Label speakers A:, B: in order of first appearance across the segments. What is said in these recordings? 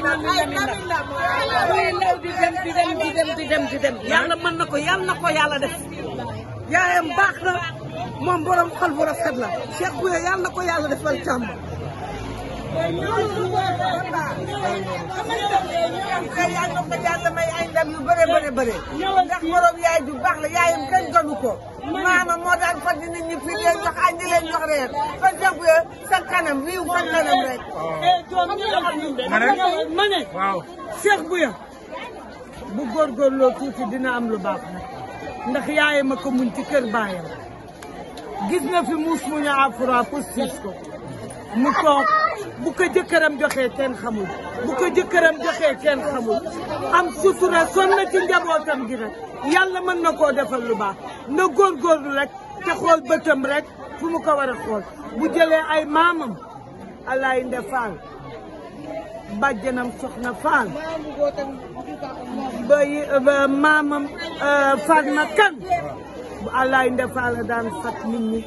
A: muy la di dem di di dem di dem di na ko yàlla na ko yàlla def yaayam baax na moom borom xol bu rafet la Cheikh Bouya yàlla na ko yàlla defal càmm yàlla ko yàlla may ay ndam yu bëre bëre bëre ndax morom yaay ju baax la yaayam kenn gënu ko maama moo daan faj nit ñi fii leen jox añ di leen jox reer fa dëgg sa kanam wiiw sa kanam rek ma ne waaw Cheikh Bouya bu góorgóorloo tuuti dina am lu baax nag ndax yaayam a ko muñ ci kër baayam gis nga fi muus mu ñu afra ko siis ko mu toog bu ko jëkkëram joxee kenn xamul bu ko jëkkëram joxee kenn xamul am sutura sonn na ci njabootam gi yàlla mën na koo defal lu baax na góorgóorlu rek te xool bëtam rek fu mu ko war a xool bu jëlee ay maamam alaay nde faal bàjjanam soxna faal ba maamam euh, Fatma kan bu alaay nde faal daan fat nit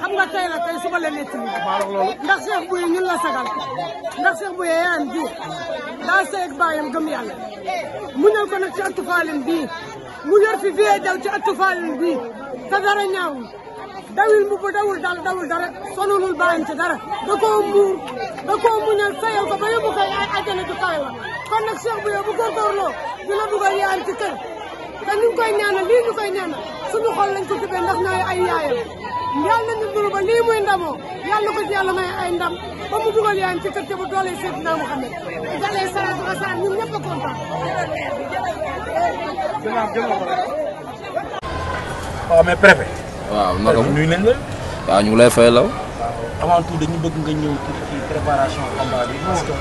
A: xam nga tey la tey suba la nekk ndax Cheikh Bouye ñun la sagal ndax Cheikh Bouye yaayam bi daa sey baayam gëm yàlla mu ñëw ko nag ci ëttu faalim bii mu yor fi vie ci ëttu faalim bii te dara ñaawul dawul mu bu dawul dal dawul dara sonalul baayam ci
B: dara da koo muur da koo muñal sayal ko ba yóbbu ko ay àjjana ju kawe la kon nag Cheikh Bouye bu góorgóorloo dina dugal yaayam ci kër te ñu ngi koy ñaanal lii ñu koy ñaanal suñu xol lañ ko tuddee ndax ñooy ay yaayam yàlla nañu duru ba lii muy ndamoo yàlla ko ci yàlla may ay ndam ba mu dugal yaayam
C: mu nuyu nañ lay fay law.
A: avant nga ci préparation combat bi parce que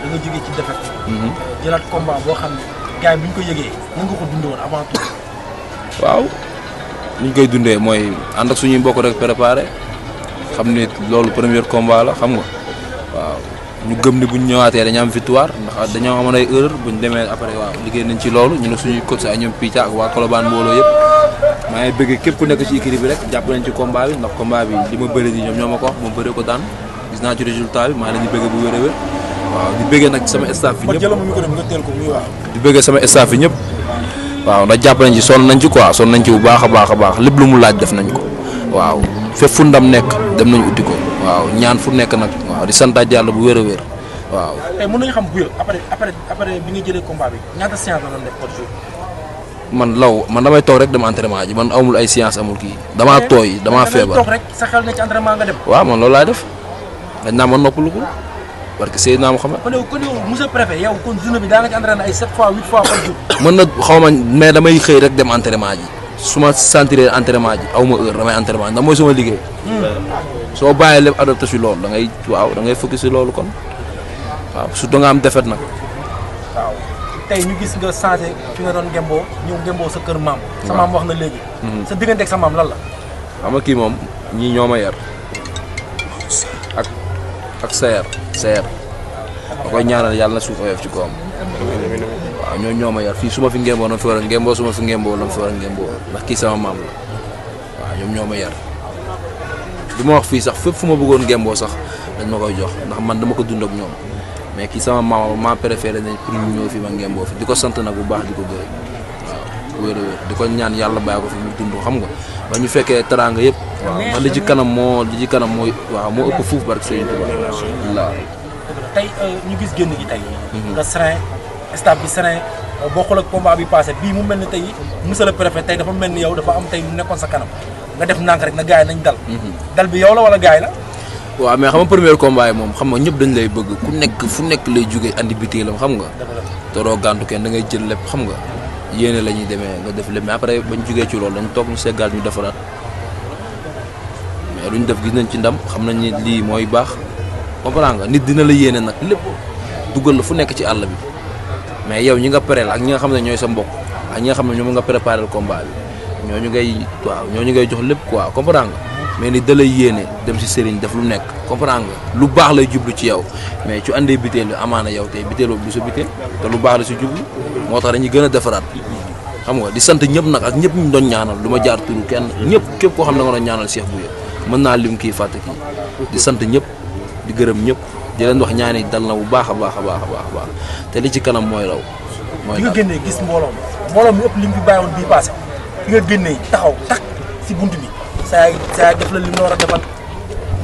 A: da nga jógee ci défaite. Mhm. jëlaat combat boo xam ne. gars yi ñu ko yëgee nan
C: waaw li ñu koy dundee mooy ànd ak suñuy mbokk rek préparé xam ni loolu premier combat la xam nga waaw ñu gëm ni bu ñu ñëwaatee dañu am victoire ndax dañoo amoon ay erreur bu ñu demee après waaw liggéey nañ ci loolu ñu ne suñuy coach ay ñoom Pica ak waa Colobane mbooloo yëpp. maa ngi bëgg képp ku nekk ci équipe bi rek jàpp nañ ci combat bi ndax combat bi li ma bëri nii ñoom ñoo ko wax ma ko daan gis naa ci résultat bi maa ngi leen di bëgg bu wér a waaw di bëggee nag sama staff yi ñëpp sama staff yi ñëpp waaw ndax jàpp nañ ci sonn nañ ci quoi sonn nañ ci bu baax a baax a baax lépp lu mu laaj def nañ ko waaw fépp fu ndam nekk dem nañ uti ko waaw ñaan fu nekk nag waaw di santaat yàlla bu wér a wér waaw. tey man law man damay toog rek dem entraînement ji man amul ay séance amul kii damaa tooy damaa feebar. toog
A: rek sa xel ne ci entraînement
C: waaw man loolu laay def dañ naa ma noppalugul. parce que Seydina Mouhamed.
A: kon yow kon yow monsieur préfet yow kon journée bi daanaka entraîné ay 7 fois 8 fois
C: mën na xaw ma mais damay xëy rek dem entraînement ji su ma sentiree entraînement ji aw ma heure damay entraînement ndax mooy sama liggéey. Hmm. soo bàyyee lépp adopté si loolu da ngay waaw da ngay focus si loolu kon waaw su nga am defet nag.
A: waaw tey ñu gis nga changé fi nga doon ngemboo ñëw ngemboo sa kër maam. sa maam wax na léegi. Hmm. sa diggante ak sa maam lan
C: kii moom ñii ñoo ma yar. ak seer seer ma koy ñaanal yàlla na suuf oyof ci koom waaw ñoo ñoo ma yar fii suma ma fi ngémboo la fi war a ngémboo su ma fi ngémboo la fi war a ngémboo ndax kii sama maam la ñoom ñoo ma yar li ma wax fii sax fépp fu ma bëggoon ngémboo sax dañ koy jox ndax man dama ko dund ñoom mais kii sama maam ma préféré nañ pour ñu fi ma ngémboo fi di ko sant nag bu baax di ko gërëm waaw wéer a wéer di ko ñaan yàlla bàyyi ko fi mu dund xam nga ba ñu fekkee teraanga yëpp
A: waaw man li ci kanam
C: moo li ci kanam mooy waaw moo ëpp fuuf barke Serigne Touba
A: tey euh, ñu gis génn gi tey. Mhm. nga serein stade bi serein euh, boo ak combat bi passé bii mu mel ni tey monsieur le préfet tey dafa mel ni yow dafa am tey lu nekkoon sa kanam nga def nànk rek na gars yi nañ dal. Mhm. dal bi yow la wala gars yi la.
C: waaw mais xam nga premier combat moom xam nga ñëpp dañ lay bëgg ku nekk fu nekk lay jóge andi bitéelam xam nga. te doo gàntu kenn da ngay jël lépp xam nga. yéene la ñuy demee nga def lépp mais après bañ jógee ci loolu dañ toog ñu seggaat ñu defaraat. mais lu ñu def gis nañ ci ndam xam nañ ni lii mooy baax comprends nga nit dina la yéene nag lépp dugal la fu nekk ci àll bi mais yow ñi nga pareel ak ñi nga xam ne ñooy sa mbokk ak ñi nga xam ne ñoom nga préparé le combat bi ñooñu ngay waaw ñooñu ngay jox lépp quoi comprends nga mais ni da lay dem si sëriñ def lu nekk comprendre lu baax lay jublu ci yow mais ci andee biteel bi amaana yow tey biteeloo bu sa biteel te lu baax la si jublu moo tax dañuy gën a defaraat xam nga di sant ñëpp nag ak ñëpp ñu doon ñaanal du ma jaar turu kenn ñëpp képp koo xam ne nga doon ñaanal Cheikh mën naa lim kii fàtte kii di sant ñëpp di gërëm ñëpp di leen wax ñaani dal na bu baax a baax a baax a baax te li ci kanam mooy raw. mooy nga
A: génnee gis mbooloo mi mbooloo mi li mu fi bi nga taxaw si bunt bi saa la li mu war a defal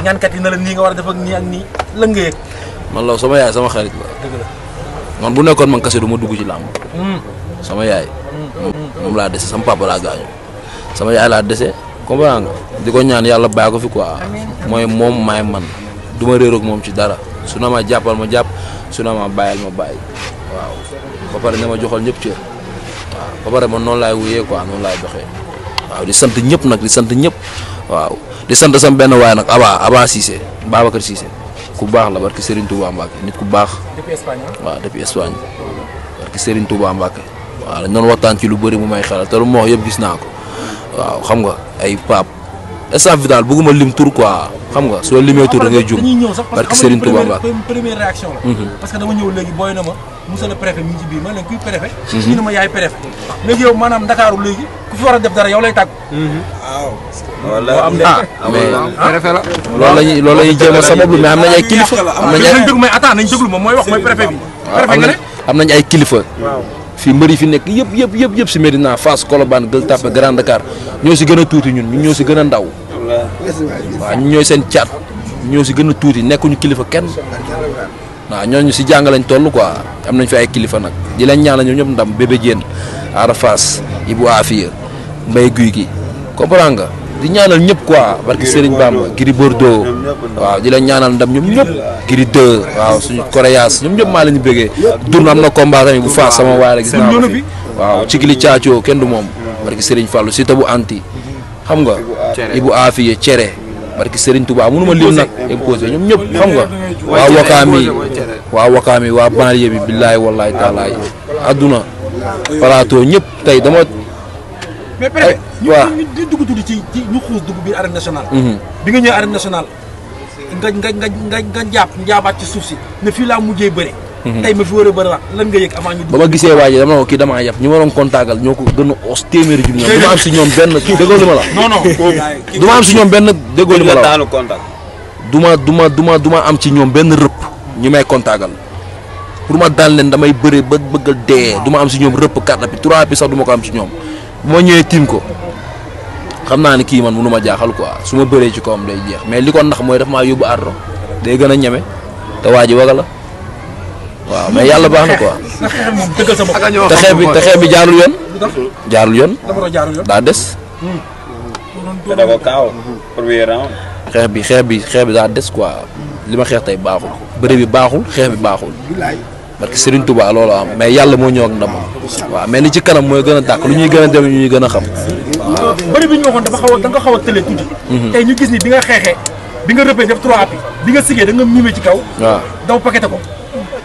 A: yi na la nga war a def nii nii
C: lan man law sama yaay sama xarit la. dëgg bu nekkoon man kese du ma dugg ci làmb. Hmm. sama yaay. Hmm. moom laa dese sama papa laa sama yaay laa dese. comprendre nga di ko ñaan yàlla bàyyi ko fi quoi mooy moom maay man du ma réer moom ci dara su na ma jàppal ma jàpp su na ma bàyyal ma bàyyi waaw ba pare na ma joxal ñëpp cër waaw ba pare man noonu laay wuyee quoi noonu laay doxee waaw di sant ñëpp nag di sant ñëpp waaw di sant sam benn waaye nag Aba Aba Cissé Babacar Cissé ku baax la barki Serigne Touba Mbacke nit ku baax.
A: depuis Espagne waaw
C: depuis Espagne barki Serigne Touba Mbacke waaw dañ waxtaan ci lu bëri mu may xelal yëpp gis naa ko xam nga ay Pape instant bi daal bëgguma lim tur quoi xam nga soo limee tur da ngay jum. dañuy ñëw sax parce que Serigne la.
A: Mhm. parce que dama ñëw léegi booy na ma monsieur le préfet mi ngi mhm. ne ma yaay préfet. léegi yow maanaam Ndakaaru léegi ku fi war a def dara yow lay tàggu.
C: Mhm. waaw. Ah, mais ah, la. ñuy loolu la ñuy jéem a sabablu mais am nañ ay kilifa. am nañ ay nañ déglu mais attends nañ moom mooy wax mooy préfet bi. ay kilifa. fii yi fi nekk yëpp yëpp yëpp yëpp si Medina Fass Colobane Gueule Tapée Grand Dakar ñoo si gën a tuuti ñun ñun ñoo si gën a ndaw waaw ñun ñooy seen caat ñoo si gën a tuuti nekkuñu kilifa kenn ñoo ñu si jàng lañ toll quoi am nañ fi ay kilifa nag di leen ñaanal ñoom ñëpp ndam bébé Diène fas Fass Ibou Afia Mbaye Guy gi comprends di ñaanal ñëpp quoi barki Serigne Bamba Gris Bordeaux waaw di la ñaanal ndam ñoom ñëpp Gris 2 waaw suñu Coréas ñoom ñëpp maa la ñu bëggee dur na am na combat bu faas sama waay la gis naa waaw ci gili kenn du moom barki Serigne Fallou si tabu anti xam nga bu Afiye Cere barki Serigne Touba mënu ma lim nag imposé ñoom ñëpp xam nga waa wakaam yi waa wakaam yi waa banlieue taalaay adduna plateau ñëpp tey dama waaw ñu ñu
A: dugg tuuti ci ci ñu xuus dugg biir arène nationale. Mhm. bi nga ñëwee arène nationale nga nga nga nga nga jàpp njaabaat ci suuf si ne fii laa mujjee bëre. Mhm. tey ma fi war a bëri lan nga yëg avant ñu. ba
C: ma gisee waa ji dama ko kii damaa yab ñu waroon contactal ñoo ko gën a os téeméeri junni ñoom du ma am si ñoom benn déggoo li ma la. non
B: non du
C: ma am si ñoom benn déggoo li ma la du ma du ma du ma du am ci ñoom benn rëpp ñu may contactal pour ma daal leen damay bëre ba bëgg a dee du ma am si ñoom rëpp carte bi trois bi sax du am si ñoom bu ma tiim ko xam naa ne kii man mënu ma jaaxal quoi su bëree ci kawam day jeex mais li ko ndax mooy daf maa yóbbu day gën a ñeme te waa ji waga la waaw mais yàlla baax na quoi
A: te xeex bi te xeex bi jaarul yoon jaarul yoon daa des
C: da bi xeex bi xeex bi daa des quoi li ma xeex tey baaxul bëre bi baaxul xeex bi baaxul parce que Serigne Touba loolu am mais yàlla moo ñëw ak ndamam waaw mais li ci kanam mooy gën a tàkk lu ñuy gën a dem ñu ñuy gën a xam
A: bëri bi ñu waxoon dafa xaw a da nga xaw a tële mhm. tey ñu gis ni bi nga xeexee bi nga rëppee def trois appuis bi nga sigee da nga mimé ci kaw daw paqueté ko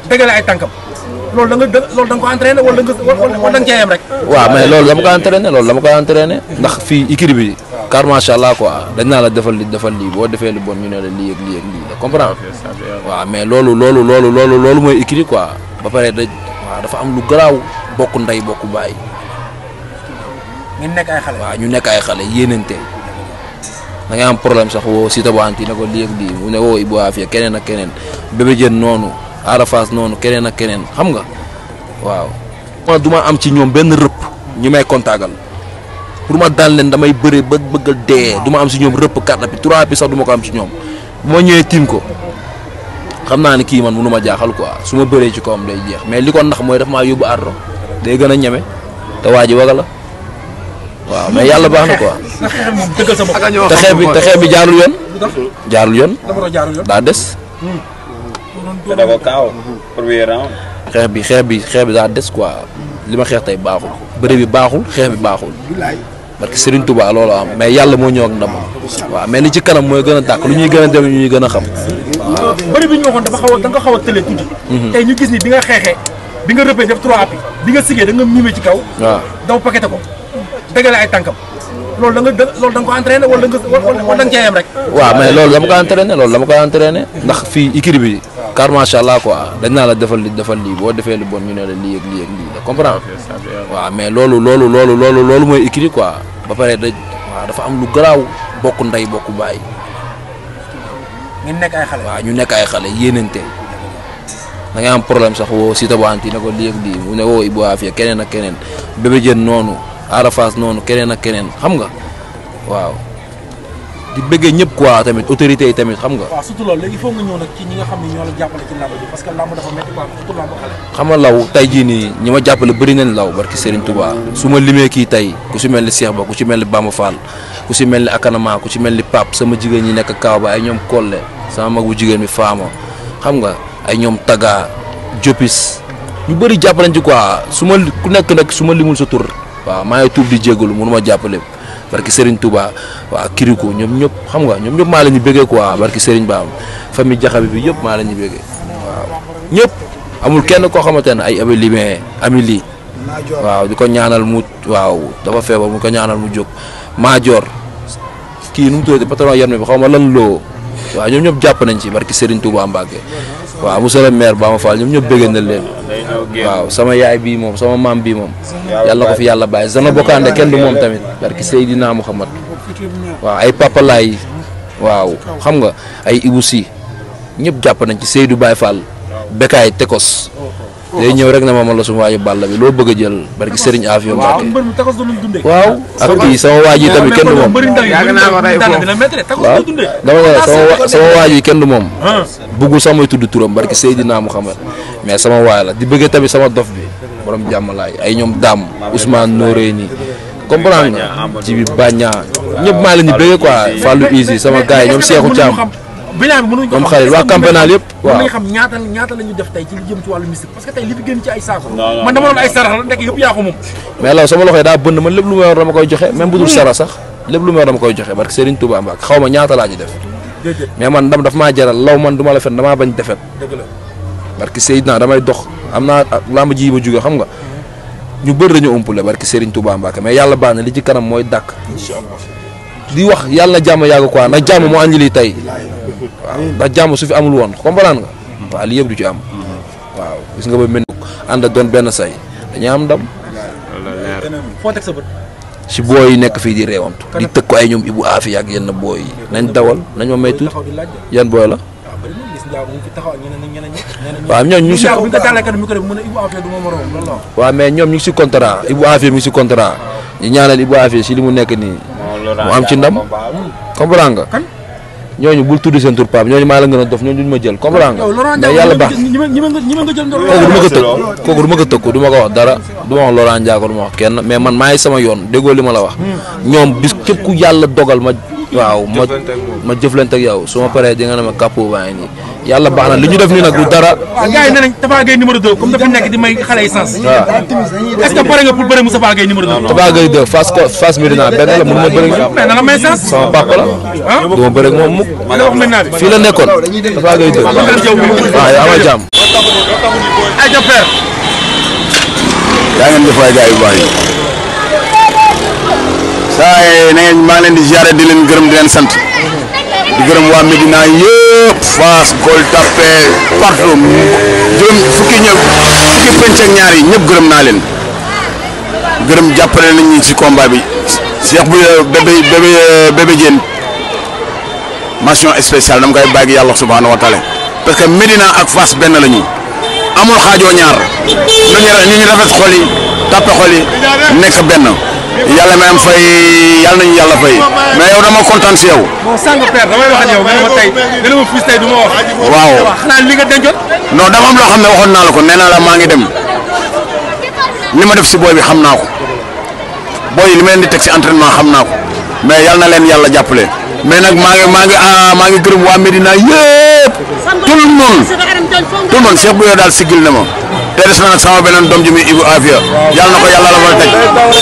A: dagale ay tànkam loolu da nga loolu da nga ko entraîné wala da nga cee yem rek
C: waaw mais loolu dama ko entraîné loolu dama ko entraîné ndax fii ikiri bi car macha allah quoi dañ naa la defal li defal defee lu bon ñu ne la lii ak lii ak lii waaw mais loolu loolu loolu loolu loolu mooy ikiri quoi ba pare da waaw dafa am lu garaaw bokk ndey bokk bàyyi ñu nekk ay xale. waaw ñu nekk ay xale yéenante da am problème sax woo Siteu bu anti ne ko lii ak ne woo Ibou Afia keneen ak keneen Bébé Diène noonu Arafas noonu keneen ak keneen xam nga waaw. man du ma am ci ñoom benn rëpp ñu may kontaagal pour ma daan leen damay bëre ba bëgg a dee ma am si ñoom rëpp quatre appuis trois appuis sax du ma ko am ci ñoom bu ma ñëwee tiim ko xam naa ne kii man mënu ma jaaxal quoi su ma bëree ci kawam day jeex mais li ko ndax mooy daf maa yóbbu ardo day gën a ñeme te waa ji waga la. waaw mais yàlla baax na quoi.
A: te xeex bi te xeex bi jaarul yoon. jaarul yoon. daa
C: des. da ko kaaw. bi xeex bi xeex bi des quoi li ma xeex tey baaxul bëre bi baaxul xeex bi baaxul. parce que Serigne Touba loolu am mais yàlla moo ñëw ak ndam waaw mais li ci kanam mooy gën a tàkk lu ñuy gën a dem ñu ñuy gën a xam.
A: waaw bëri bi ñu waxoon dafa xaw a da nga xaw a tële tuuti. Mhm. tey ñu gis ni bi nga xeexee bi nga rëbbee def trois appuis bi nga sigee danga nga ci kaw. waaw daw ko. dëgale ay tànkam loolu da nga dë loolu da nga ko entraîné wala da nga da nga cee yem rek.
C: waaw mais loolu dama ko entraîné loolu ndax fii ikiri bi. car macha allah quoi dañ naa la defal li defal lii boo defee lu bon ñu ne la lii ak lii ak lii la comprendre waaw mais loolu loolu loolu loolu loolu mooy ikiri quoi ba pare da waaw dafa am lu garaaw bokk ndey bokk baay. ñu nekk ay xale. ñu nekk ay xale yéenante da ngay am problème sax woo Siteu bu anti ne ko lii ak lii mu ne woo Ibou keneen ak keneen bébé jën noonu. Arafaas noonu keneen ak keneen xam nga waaw di bëggee ñëpp quoi tamit autorité yi tamit xam nga. waaw
A: nga xam ne
C: xam nga law tey jii nii ñu ma jàppale bari nañ law barki Serigne Touba suma ma limee kii tey ku si mel ni Cheikh Ba ku ci mel ni Bamba Fall ku si mel ni Akanama ku ci mel ni Pape sama jigéen ñi nekk Kaaw ba ay ñoom Kolle sama mag bu jigéen bi Faama xam nga ay ñoom Taga Jopis ñu bari jàppalañ ci quoi suma ma ku nekk nag su ma limul sa tur waaw maa ngi tuub di jégalu mënu ma jàpp lépp barki Serigne Touba waaw Kirikou ñëpp xam nga ñoom ñëpp maa la ñu bëggee quoi barki Serigne Ba famille Jaxabi bi yëpp maa la ñu bëggee waaw ñëpp amul kenn koo xamante ne ay ami limee ami lii waaw di ko ñaanal mu waaw dafa feebar mu ko ñaanal mu jóg maajoor kii nu mu tuddati patron yerme bi xaw ma lan loo waaw ñoom ñëpp jàpp nañ ci barki Serigne Touba Mbacke waaw monsieur le maire Bamba Fall ñoom ñëpp bëggee na leen waaw sama yaay bii moom sama maam bi moom yàlla ko fi yàlla bàyyi zana bokkaande kenn du moom tamit barki Seydina Muhammad waaw ay papalaay waaw xam nga ay Ibou Si ñëpp jàpp nañ ci Seydou Baye Fall Bekaay Tekos day ñëw rek na ma man la suma waaji Balla bi loo bëgg a jël barki Serigne Afio Mbacke
A: waaw ak kii sama waaj yi tamit kenn du moom waaw dama ko sama sama waaj yi
C: kenn du moom ah. bëggul sax may tudd turam barki Seydina Mouhamed mais sama waay la di bëggee tamit sama dof bi borom jàmm laay ay ñoom Dame Ousmane Noreyni comprendre nga ci bi Bagna ñëpp maa leen di bëggee quoi Fallou Isi sama gars yi ñoom Cheikhou Thiam
A: bilan bi mënuñ ko xam xale waa campénal yëpp waaw def tey ci li jëm ci wàllu mystique parce que tey li fi gën ci ay saako man dama doon ay sarax la ndekk yëpp yaa ko moom
C: mais law sama loxo yi daa bënn man lépp lu ma yor dama koy joxe même bu dul sarax sax lépp lu ma yor dama koy joxe barke Serigne Touba Mbacke xaw ma laa ci def mais man ndam daf maa jaral law man du ma la fen damaa bañ defet barke Seydina damay dox am naa ah, làmb ji ma jóge xam nga ñu bëri dañu umpule barke Serigne Touba Mbacke mais yàlla baax na li ci kanam mooy dàkk di wax yàlla jàmm yàgg quoi nag jàmm moo andi ndax jàmm su fi amul woon comprendre nga. Mhm. waaw li yëpp du ci am. waaw gis nga ba mel ànd ak doon benn say dañuy am ndam. foo teg sa bët. si booy yi nekk fii di réewantu. di tëkk ko ay ñoom Ibou Afia ak yenn booy yi nañ dawal nañ ma may tuut yan booy la. waaw ñoom ñu ngi si. waaw mais ñoom ñu ngi si contrat Ibou Afia mi ngi si contrat. ñu ñaanal Ibou Afia si li mu nekk nii. mu am ci ndam comprendre nga. ñooñu bul tudd seen tur Pape ñooñu maa la gën a dof ñooñu duñ ma jël comprends nga mais yàlla baax kooku du ma ko tëkku du ma ko wax dara du ma wax Laurent Ndiago du ma kenn mais man maay sama yoon déggoo li ma la wax hmm. ñoom bis képp ku yàlla dogal ma waaw ma ma jëflante ak yow su ma paree di nga ne ma kàppu baa ngi nii yàlla baax na li ñu def nii nag du dara.
A: gars yi nee nañ Tapha Gueye numéro 2 comme dafa nekk di may xale yi sens. waaw est
C: ce la mënuma bëre ak mais na la may sens. la. ah ma bëre ak moom mukk. ma la wax maintenant bi
A: ama jàmm.
B: ay ja père. yaa ngeen def baax yi. saa na ngeen maa ngi leen di ziare di leen gërëm di leen sant. di gërëm waa Médina yëpp. Fass Gueule Tapée partout juróom fukki ñëw fukki penc ak ñaar yi ñëpp gërëm naa leen gërëm jàppale nañ si ci combat bi Cheikh bu euh, bébé bébé euh, bébé Diène mention spéciale dama koy bàyyi yàlla subhanahu wa taala parce que Médina ak Fass benn la ñu amul xaajoo ñaar nañu ñu rafet xol yi tàppe nekk benn. yàlla may am fay yàlla nañu yàlla fay mais yow dama kontaan si yow.
A: non sànq père damay wax ak yow nga ne ma tey nga ne waaw xanaa dama loo xam ne waxoon naa la ko nee naa la maa ngi dem
B: li ma def si booy bi xam naa ko booy yi di teg si entraînement xam naa ko mais yàlla na leen yàlla jàppale. mais nag maa ngi maa ngi ah, maa ngi gërëm waa Medina yëpp
A: tout le monde tout le monde
B: Cheikh Bouya daal sigil na ma. te des na nag sama beneen doom ji muy Ibou Afia yàlla na ko yàlla la fa teg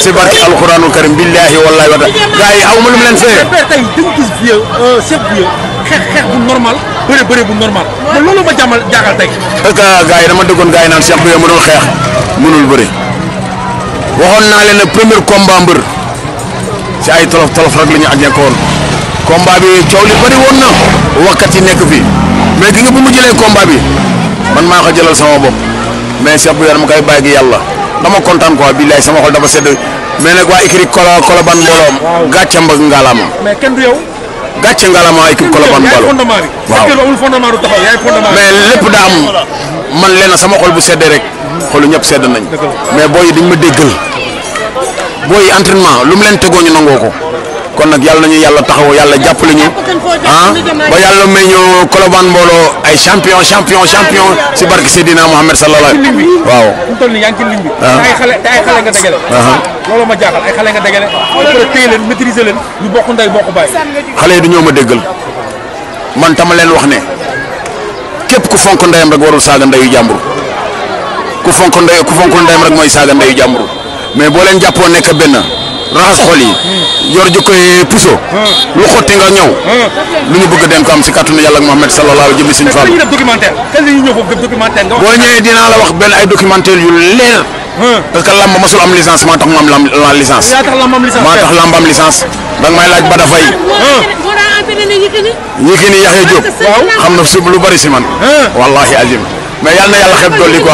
B: si barki alxuraanul karim billahi wallahi wa taala gars yi xaw ma lu mu leen fee.
A: tey dañu euh, bu normal bëre bëre bu ma jàmmal jaaxal tey. parce que gars yi dama déggoon gars yi naan chef vieux mënul xeex
B: mënul bëre waxoon naa leen ne premier combat si ay tolof tolof rek la ñu àjjekkoon combat bi coow li bëri woon na wakkat yi nekk fi mais gi nga bu mu jëlee combat bi man maa ko jëlal sama bopp. mais Cheikh bu yor ma koy bàyyi gi yàlla dama kontaan quoi billaay sama xol dafa sedd mais nag waa écurie Kolo Kolobane Mbolo. waaw gàcceem ak ngalaama. mais kenn du yow. gàcce ngalaama écurie Kolobane
A: mais lépp daa am
B: man lenn sama xol bu seddee rek xolu ñëpp sedd nañ. mais booy dañ ma déggal booy yi entraînement lu mu leen tegoo ñu nangoo ko. kon nag yàlla nañu yàlla taxaw yàlla jàpp ñu
A: ah, ba yàlla may ñu
B: Colobane mbooloo ay champion champion champion si barke Seydina Mohamed sallallahu alayhi waaw.
A: mu toll nii yaa ngi ci ay xale leen maîtriser leen ñu
B: bokk ndey bokk yi du ñoo ma déggal man tama leen wax ne képp ku fonk ndeyam rek warul saaga ndeyu jàmbur ku fonk ndey ku fonk ndeyam rek mooy saaga ndeyu jàmbur mais boo leen jàppoo nekk benn. raxas xol yi yor jikkoy puso lu xotti nga ñëw
A: lu ñu bëgg dem ko am
B: si kàttanu yàlla ak Muhammad sallallahu alayhi wa sallam si Fallou. documentaire kan la ñuy ñëw foofu documentaire nga wax. boo ñëwee dinaa la wax benn ay documentaire yu leer. parce que lamb ma am lam maa tax lamb am licence. da nga may laaj ba dafay. Yékini
C: Yaxya Diop. waaw xam
B: na sub lu bari si man. wallahi azim mais yal na yàlla xeeb dolli ko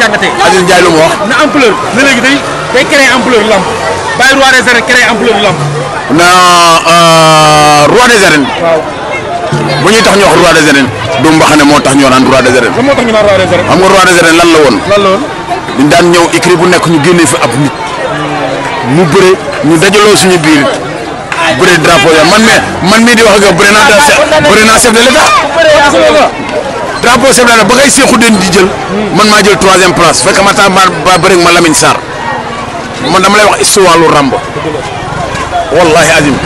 A: jàngatee. Aziz lu mu wax. day créer ampleur lamb bàyyi roi des arènes créer ampleur lamb.
B: non euh, roi des arènes. waaw bu ñuy tax ñu wax roi des arènes du mbaxane moo tax ñu naan roi des arènes. lan moo tax ñu naan roi des arènes. lan la woon. lan la dañ daan ñëw écrit bu nekk ñu génnee fi ab nit mu bëre ñu dajaloo suñu biir bëre drapeau ya man mi man mii di wax ak yow bëre naa da bëre naa chef de l'état de ba ngay seexu di jël man maa jël troisième place fekk ma tax ma ba bëre ma Lamine man dama lay wax histoire lu ràmb wallahi azim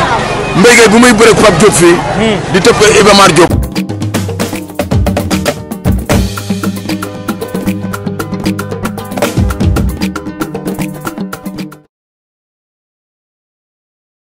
B: mbéy bu may bëreeg Pape Diop fii. Hmm. di tëb ko Iba Mar Diop.